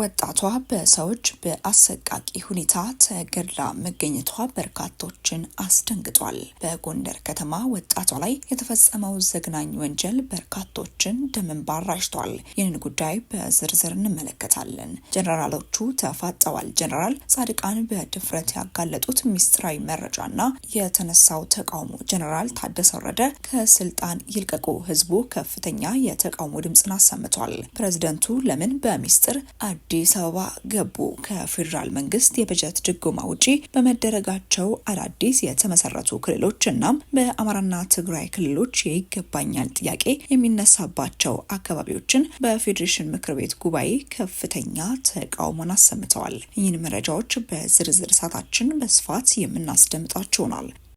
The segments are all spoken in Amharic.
ወጣቷ በሰዎች በአሰቃቂ ሁኔታ ተገድላ መገኘቷ በርካቶችን አስደንግጧል። በጎንደር ከተማ ወጣቷ ላይ የተፈጸመው ዘግናኝ ወንጀል በርካቶችን ደም እንባ አራጭቷል። ይህንን ጉዳይ በዝርዝር እንመለከታለን። ጀነራሎቹ ተፋጠዋል። ጀነራል ጻድቃን በድፍረት ያጋለጡት ሚስጥራዊ መረጃና የተነሳው ተቃውሞ። ጀነራል ታደሰ ወረደ ከስልጣን ይልቀቁ። ህዝቡ ከፍተኛ የተቃውሞ ድምፅን አሰምቷል። ፕሬዝደንቱ ለምን በሚስጥር አዲስ አበባ ገቡ። ከፌዴራል መንግስት የበጀት ድጎማ ውጪ በመደረጋቸው አዳዲስ የተመሰረቱ ክልሎች እናም በአማራና ትግራይ ክልሎች የይገባኛል ጥያቄ የሚነሳባቸው አካባቢዎችን በፌዴሬሽን ምክር ቤት ጉባኤ ከፍተኛ ተቃውሞን አሰምተዋል። ይህን መረጃዎች በዝርዝር ሰዓታችን በስፋት የምናስደምጣችሁናል።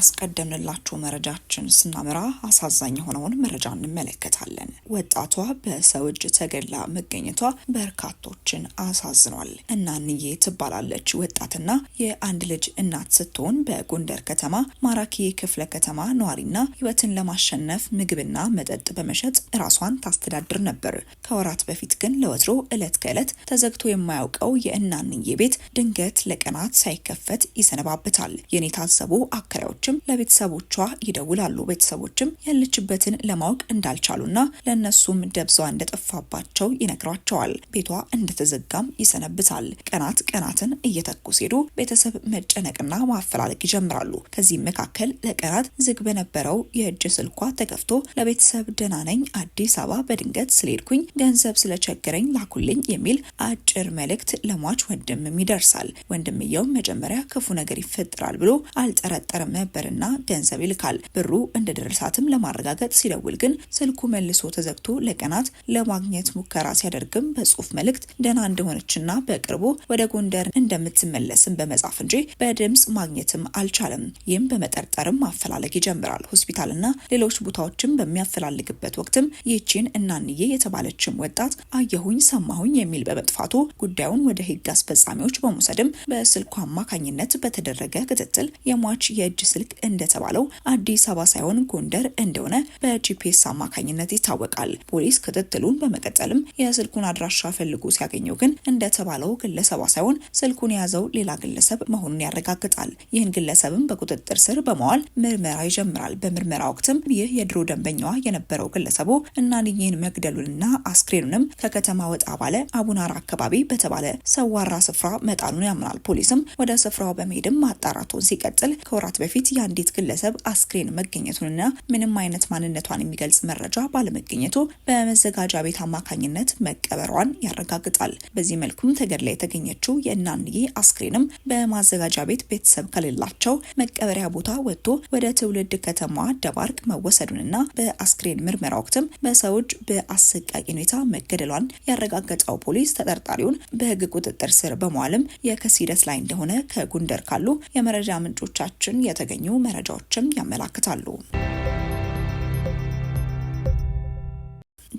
አስቀደምንላቸው መረጃችን ስናመራ አሳዛኝ የሆነውን መረጃ እንመለከታለን። ወጣቷ በሰው እጅ ተገድላ መገኘቷ በርካቶችን አሳዝኗል። እናንዬ ትባላለች ወጣትና የአንድ ልጅ እናት ስትሆን በጎንደር ከተማ ማራኪ ክፍለ ከተማ ነዋሪና ህይወትን ለማሸነፍ ምግብና መጠጥ በመሸጥ ራሷን ታስተዳድር ነበር። ከወራት በፊት ግን ለወትሮ እለት ከእለት ተዘግቶ የማያውቀው የእናንዬ ቤት ድንገት ለቀናት ሳይከፈት ይሰነባብታል። የኔ ታዘቡ አከ ባለሙያዎችም ለቤተሰቦቿ ይደውላሉ። ቤተሰቦችም ያለችበትን ለማወቅ እንዳልቻሉና ለእነሱም ደብዛ እንደጠፋባቸው ይነግሯቸዋል። ቤቷ እንደተዘጋም ይሰነብታል። ቀናት ቀናትን እየተኩ ሲሄዱ ቤተሰብ መጨነቅና ማፈላለግ ይጀምራሉ። ከዚህም መካከል ለቀናት ዝግ በነበረው የእጅ ስልኳ ተከፍቶ ለቤተሰብ ደህና ነኝ፣ አዲስ አበባ በድንገት ስለሄድኩኝ ገንዘብ ስለቸገረኝ ላኩልኝ የሚል አጭር መልእክት ለሟች ወንድምም ይደርሳል። ወንድምየውም መጀመሪያ ክፉ ነገር ይፈጥራል ብሎ አልጠረጠረም ነበርና ገንዘብ ይልካል። ብሩ እንደደረሳትም ለማረጋገጥ ሲደውል ግን ስልኩ መልሶ ተዘግቶ ለቀናት ለማግኘት ሙከራ ሲያደርግም በጽሁፍ መልእክት ደህና እንደሆነችና በቅርቡ ወደ ጎንደር እንደምትመለስም በመጻፍ እንጂ በድምጽ ማግኘትም አልቻለም። ይህም በመጠርጠርም ማፈላለግ ይጀምራል። ሆስፒታልና ሌሎች ቦታዎችም በሚያፈላልግበት ወቅትም ይህቺን እናንዬ የተባለችም ወጣት አየሁኝ ሰማሁኝ የሚል በመጥፋቱ ጉዳዩን ወደ ህግ አስፈጻሚዎች በመውሰድም በስልኩ አማካኝነት በተደረገ ክትትል የሟች የእጅ ስልክ እንደተባለው አዲስ አበባ ሳይሆን ጎንደር እንደሆነ በጂፒኤስ አማካኝነት ይታወቃል። ፖሊስ ክትትሉን በመቀጠልም የስልኩን አድራሻ ፈልጎ ሲያገኘው ግን እንደተባለው ግለሰቧ ሳይሆን ስልኩን የያዘው ሌላ ግለሰብ መሆኑን ያረጋግጣል። ይህን ግለሰብም በቁጥጥር ስር በመዋል ምርመራ ይጀምራል። በምርመራ ወቅትም ይህ የድሮ ደንበኛዋ የነበረው ግለሰቡ እናንዬን መግደሉንና አስክሬኑንም ከከተማ ወጣ ባለ አቡናራ አካባቢ በተባለ ሰዋራ ስፍራ መጣሉን ያምናል። ፖሊስም ወደ ስፍራው በመሄድም ማጣራቱን ሲቀጥል ከወራት በፊት የአንዲት ግለሰብ አስክሬን መገኘቱንና ምንም አይነት ማንነቷን የሚገልጽ መረጃ ባለመገኘቱ በመዘጋጃ ቤት አማካኝነት መቀበሯን ያረጋግጣል። በዚህ መልኩም ተገድላ የተገኘችው የእናንዬ አስክሬንም በማዘጋጃ ቤት ቤተሰብ ከሌላቸው መቀበሪያ ቦታ ወጥቶ ወደ ትውልድ ከተማዋ ደባርቅ መወሰዱንና በአስክሬን ምርመራ ወቅትም በሰው በአሰቃቂ ሁኔታ መገደሏን ያረጋገጠው ፖሊስ ተጠርጣሪውን በህግ ቁጥጥር ስር በመዋልም የክስ ሂደት ላይ እንደሆነ ከጎንደር ካሉ የመረጃ ምንጮቻችን የተገኙ መረጃዎችም ያመላክታሉ።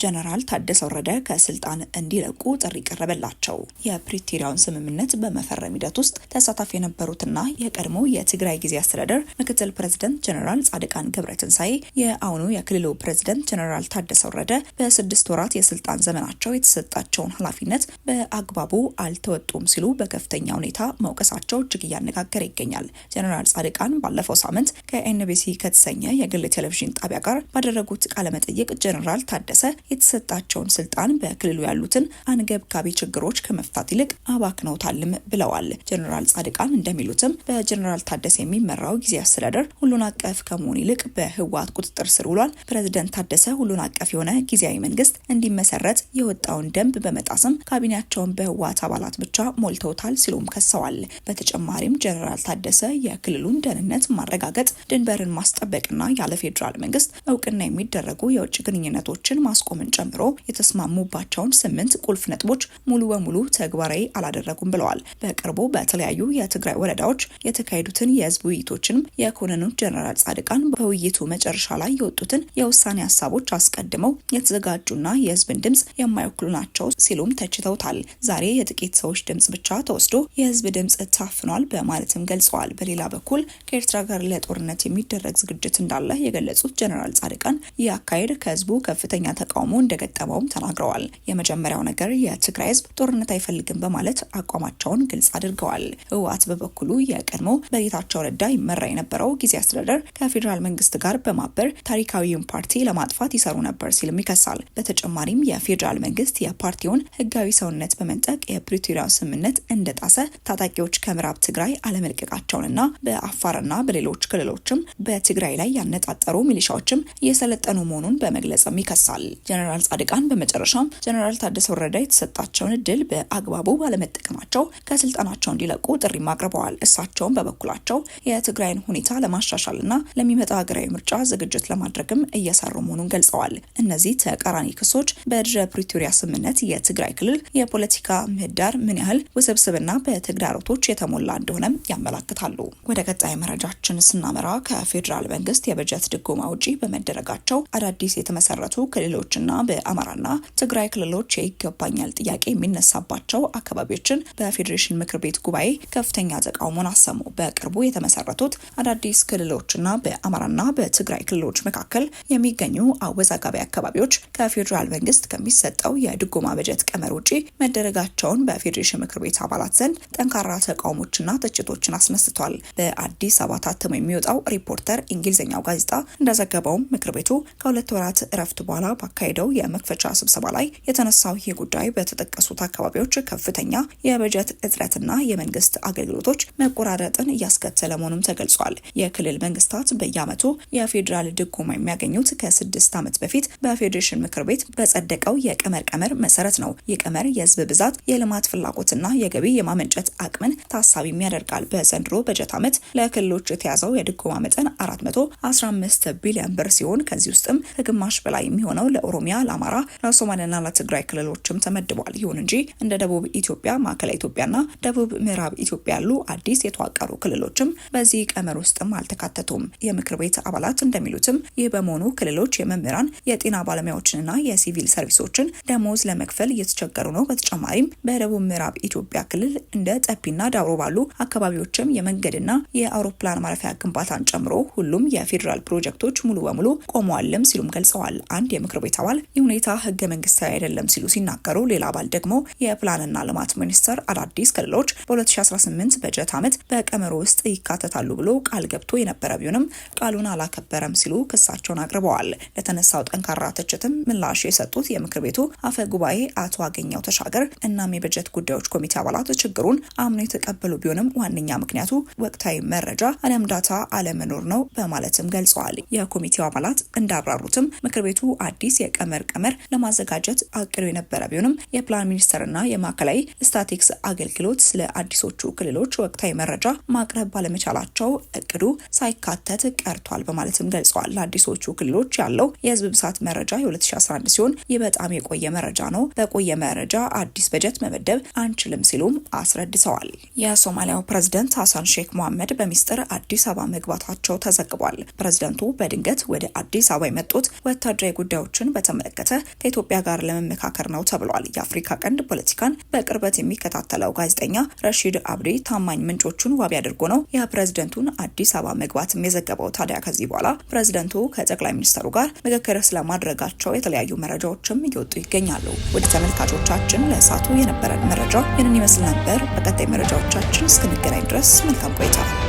ጀነራል ታደሰ ወረደ ከስልጣን እንዲለቁ ጥሪ ቀረበላቸው። የፕሪቶሪያውን ስምምነት በመፈረም ሂደት ውስጥ ተሳታፊ የነበሩትና የቀድሞ የትግራይ ጊዜ አስተዳደር ምክትል ፕሬዝደንት ጀነራል ጻድቃን ገብረትንሳኤ የአሁኑ የክልሉ ፕሬዝደንት ጀነራል ታደሰ ወረደ በስድስት ወራት የስልጣን ዘመናቸው የተሰጣቸውን ኃላፊነት በአግባቡ አልተወጡም ሲሉ በከፍተኛ ሁኔታ መውቀሳቸው እጅግ እያነጋገረ ይገኛል። ጀነራል ጻድቃን ባለፈው ሳምንት ከኤንቢሲ ከተሰኘ የግል ቴሌቪዥን ጣቢያ ጋር ባደረጉት ቃለመጠይቅ ጀነራል ታደሰ የተሰጣቸውን ስልጣን በክልሉ ያሉትን አንገብጋቢ ችግሮች ከመፍታት ይልቅ አባክነውታልም ብለዋል። ጀኔራል ጻድቃን እንደሚሉትም በጀኔራል ታደሰ የሚመራው ጊዜ አስተዳደር ሁሉን አቀፍ ከመሆን ይልቅ በህወሓት ቁጥጥር ስር ውሏል። ፕሬዚደንት ታደሰ ሁሉን አቀፍ የሆነ ጊዜያዊ መንግስት እንዲመሰረት የወጣውን ደንብ በመጣስም ካቢኔያቸውን በህወሓት አባላት ብቻ ሞልተውታል ሲሉም ከሰዋል። በተጨማሪም ጀኔራል ታደሰ የክልሉን ደህንነት ማረጋገጥ፣ ድንበርን ማስጠበቅና ያለ ፌዴራል መንግስት እውቅና የሚደረጉ የውጭ ግንኙነቶችን ማስቆም ማቆምን ጨምሮ የተስማሙባቸውን ስምንት ቁልፍ ነጥቦች ሙሉ በሙሉ ተግባራዊ አላደረጉም ብለዋል። በቅርቡ በተለያዩ የትግራይ ወረዳዎች የተካሄዱትን የህዝብ ውይይቶችን የኮነኑ ጀነራል ጻድቃን በውይይቱ መጨረሻ ላይ የወጡትን የውሳኔ ሀሳቦች አስቀድመው የተዘጋጁና የህዝብን ድምጽ የማይወክሉ ናቸው ሲሉም ተችተውታል። ዛሬ የጥቂት ሰዎች ድምጽ ብቻ ተወስዶ የህዝብ ድምጽ ታፍኗል በማለትም ገልጸዋል። በሌላ በኩል ከኤርትራ ጋር ለጦርነት የሚደረግ ዝግጅት እንዳለ የገለጹት ጀነራል ጻድቃን ይህ አካሄድ ከህዝቡ ከፍተኛ ተቃውሞ ተቃውሞ እንደገጠመውም ተናግረዋል። የመጀመሪያው ነገር የትግራይ ህዝብ ጦርነት አይፈልግም በማለት አቋማቸውን ግልጽ አድርገዋል። ህወሓት በበኩሉ የቀድሞ በጌታቸው ረዳ ይመራ የነበረው ጊዜ አስተዳደር ከፌዴራል መንግስት ጋር በማበር ታሪካዊውን ፓርቲ ለማጥፋት ይሰሩ ነበር ሲልም ይከሳል። በተጨማሪም የፌዴራል መንግስት የፓርቲውን ህጋዊ ሰውነት በመንጠቅ የፕሪቶሪያው ስምምነት እንደጣሰ ታጣቂዎች ከምዕራብ ትግራይ አለመልቀቃቸውንና በአፋርና በሌሎች ክልሎችም በትግራይ ላይ ያነጣጠሩ ሚሊሻዎችም እየሰለጠኑ መሆኑን በመግለጽም ይከሳል። ጀነራል ጻድቃን በመጨረሻም ጀነራል ታደሰ ወረደ የተሰጣቸውን እድል በአግባቡ ባለመጠቀማቸው ከስልጣናቸው እንዲለቁ ጥሪም አቅርበዋል። እሳቸውም በበኩላቸው የትግራይን ሁኔታ ለማሻሻልና ለሚመጣው ሀገራዊ ምርጫ ዝግጅት ለማድረግም እየሰሩ መሆኑን ገልጸዋል። እነዚህ ተቃራኒ ክሶች በድረ ፕሪቶሪያ ስምምነት የትግራይ ክልል የፖለቲካ ምህዳር ምን ያህል ውስብስብና በተግዳሮቶች የተሞላ እንደሆነም ያመላክታሉ። ወደ ቀጣይ መረጃችን ስናመራ ከፌዴራል መንግስት የበጀት ድጎማ ውጪ በመደረጋቸው አዳዲስ የተመሰረቱ ክልሎች ክልሎችና በአማራና ትግራይ ክልሎች የይገባኛል ጥያቄ የሚነሳባቸው አካባቢዎችን በፌዴሬሽን ምክር ቤት ጉባኤ ከፍተኛ ተቃውሞን አሰሙ። በቅርቡ የተመሰረቱት አዳዲስ ክልሎችና በአማራና በትግራይ ክልሎች መካከል የሚገኙ አወዛጋቢ አካባቢዎች ከፌዴራል መንግስት ከሚሰጠው የድጎማ በጀት ቀመር ውጪ መደረጋቸውን በፌዴሬሽን ምክር ቤት አባላት ዘንድ ጠንካራ ተቃውሞችና ትችቶችን አስነስቷል። በአዲስ አበባ ታትሞ የሚወጣው ሪፖርተር እንግሊዝኛው ጋዜጣ እንደዘገበውም ምክር ቤቱ ከሁለት ወራት እረፍት በኋላ ባካ በተካሄደው የመክፈቻ ስብሰባ ላይ የተነሳው ይህ ጉዳይ በተጠቀሱት አካባቢዎች ከፍተኛ የበጀት እጥረትና የመንግስት አገልግሎቶች መቆራረጥን እያስከተለ መሆኑም ተገልጿል። የክልል መንግስታት በየዓመቱ የፌዴራል ድጎማ የሚያገኙት ከስድስት ዓመት በፊት በፌዴሬሽን ምክር ቤት በጸደቀው የቀመር ቀመር መሰረት ነው። ቀመር የህዝብ ብዛት፣ የልማት ፍላጎትና የገቢ የማመንጨት አቅምን ታሳቢም ያደርጋል። በዘንድሮ በጀት ዓመት ለክልሎች የተያዘው የድጎማ መጠን 415 ቢሊዮን ብር ሲሆን ከዚህ ውስጥም ከግማሽ በላይ የሚሆነው ለኦሮ ለኦሮሚያ፣ ለአማራ፣ ለሶማሌና ለትግራይ ክልሎችም ተመድቧል። ይሁን እንጂ እንደ ደቡብ ኢትዮጵያ፣ ማዕከላዊ ኢትዮጵያና ደቡብ ምዕራብ ኢትዮጵያ ያሉ አዲስ የተዋቀሩ ክልሎችም በዚህ ቀመር ውስጥም አልተካተቱም። የምክር ቤት አባላት እንደሚሉትም ይህ በመሆኑ ክልሎች የመምህራን የጤና ባለሙያዎችንና የሲቪል ሰርቪሶችን ደሞዝ ለመክፈል እየተቸገሩ ነው። በተጨማሪም በደቡብ ምዕራብ ኢትዮጵያ ክልል እንደ ጠፒና ዳውሮ ባሉ አካባቢዎችም የመንገድና የአውሮፕላን ማረፊያ ግንባታን ጨምሮ ሁሉም የፌዴራል ፕሮጀክቶች ሙሉ በሙሉ ቆመዋልም ሲሉም ገልጸዋል። አንድ የምክር ቤት አስታውቀዋል። ይህ ሁኔታ ህገ መንግስታዊ አይደለም ሲሉ ሲናገሩ፣ ሌላ አባል ደግሞ የፕላንና ልማት ሚኒስቴር አዳዲስ ክልሎች በ2018 በጀት ዓመት በቀመሮ ውስጥ ይካተታሉ ብሎ ቃል ገብቶ የነበረ ቢሆንም ቃሉን አላከበረም ሲሉ ክሳቸውን አቅርበዋል። ለተነሳው ጠንካራ ትችትም ምላሽ የሰጡት የምክር ቤቱ አፈ ጉባኤ አቶ አገኘው ተሻገር እናም የበጀት ጉዳዮች ኮሚቴ አባላት ችግሩን አምኖ የተቀበሉ ቢሆንም ዋነኛ ምክንያቱ ወቅታዊ መረጃ አሊያም ዳታ አለመኖር ነው በማለትም ገልጸዋል። የኮሚቴው አባላት እንዳብራሩትም ምክር ቤቱ አዲስ ቀመር ቀመር ለማዘጋጀት አቅዶ የነበረ ቢሆንም የፕላን ሚኒስቴርና የማዕከላዊ ስታቲክስ አገልግሎት ስለ አዲሶቹ ክልሎች ወቅታዊ መረጃ ማቅረብ ባለመቻላቸው እቅዱ ሳይካተት ቀርቷል በማለትም ገልጸዋል። ለአዲሶቹ ክልሎች ያለው የህዝብ ብዛት መረጃ የ2011 ሲሆን ይህ በጣም የቆየ መረጃ ነው። በቆየ መረጃ አዲስ በጀት መመደብ አንችልም ሲሉም አስረድተዋል። የሶማሊያው ፕሬዝደንት ሀሳን ሼክ መሐመድ በሚስጥር አዲስ አበባ መግባታቸው ተዘግቧል። ፕሬዝደንቱ በድንገት ወደ አዲስ አበባ የመጡት ወታደራዊ ጉዳዮችን በ በተመለከተ ከኢትዮጵያ ጋር ለመመካከር ነው ተብሏል። የአፍሪካ ቀንድ ፖለቲካን በቅርበት የሚከታተለው ጋዜጠኛ ረሺድ አብዲ ታማኝ ምንጮቹን ዋቢ አድርጎ ነው የፕሬዝደንቱን አዲስ አበባ መግባትም የዘገበው። ታዲያ ከዚህ በኋላ ፕሬዝደንቱ ከጠቅላይ ሚኒስትሩ ጋር ምክክር ስለማድረጋቸው የተለያዩ መረጃዎችም እየወጡ ይገኛሉ። ወደ ተመልካቾቻችን ለእሳቱ የነበረን መረጃ ይህንን ይመስል ነበር። በቀጣይ መረጃዎቻችን እስክንገናኝ ድረስ መልካም ቆይታ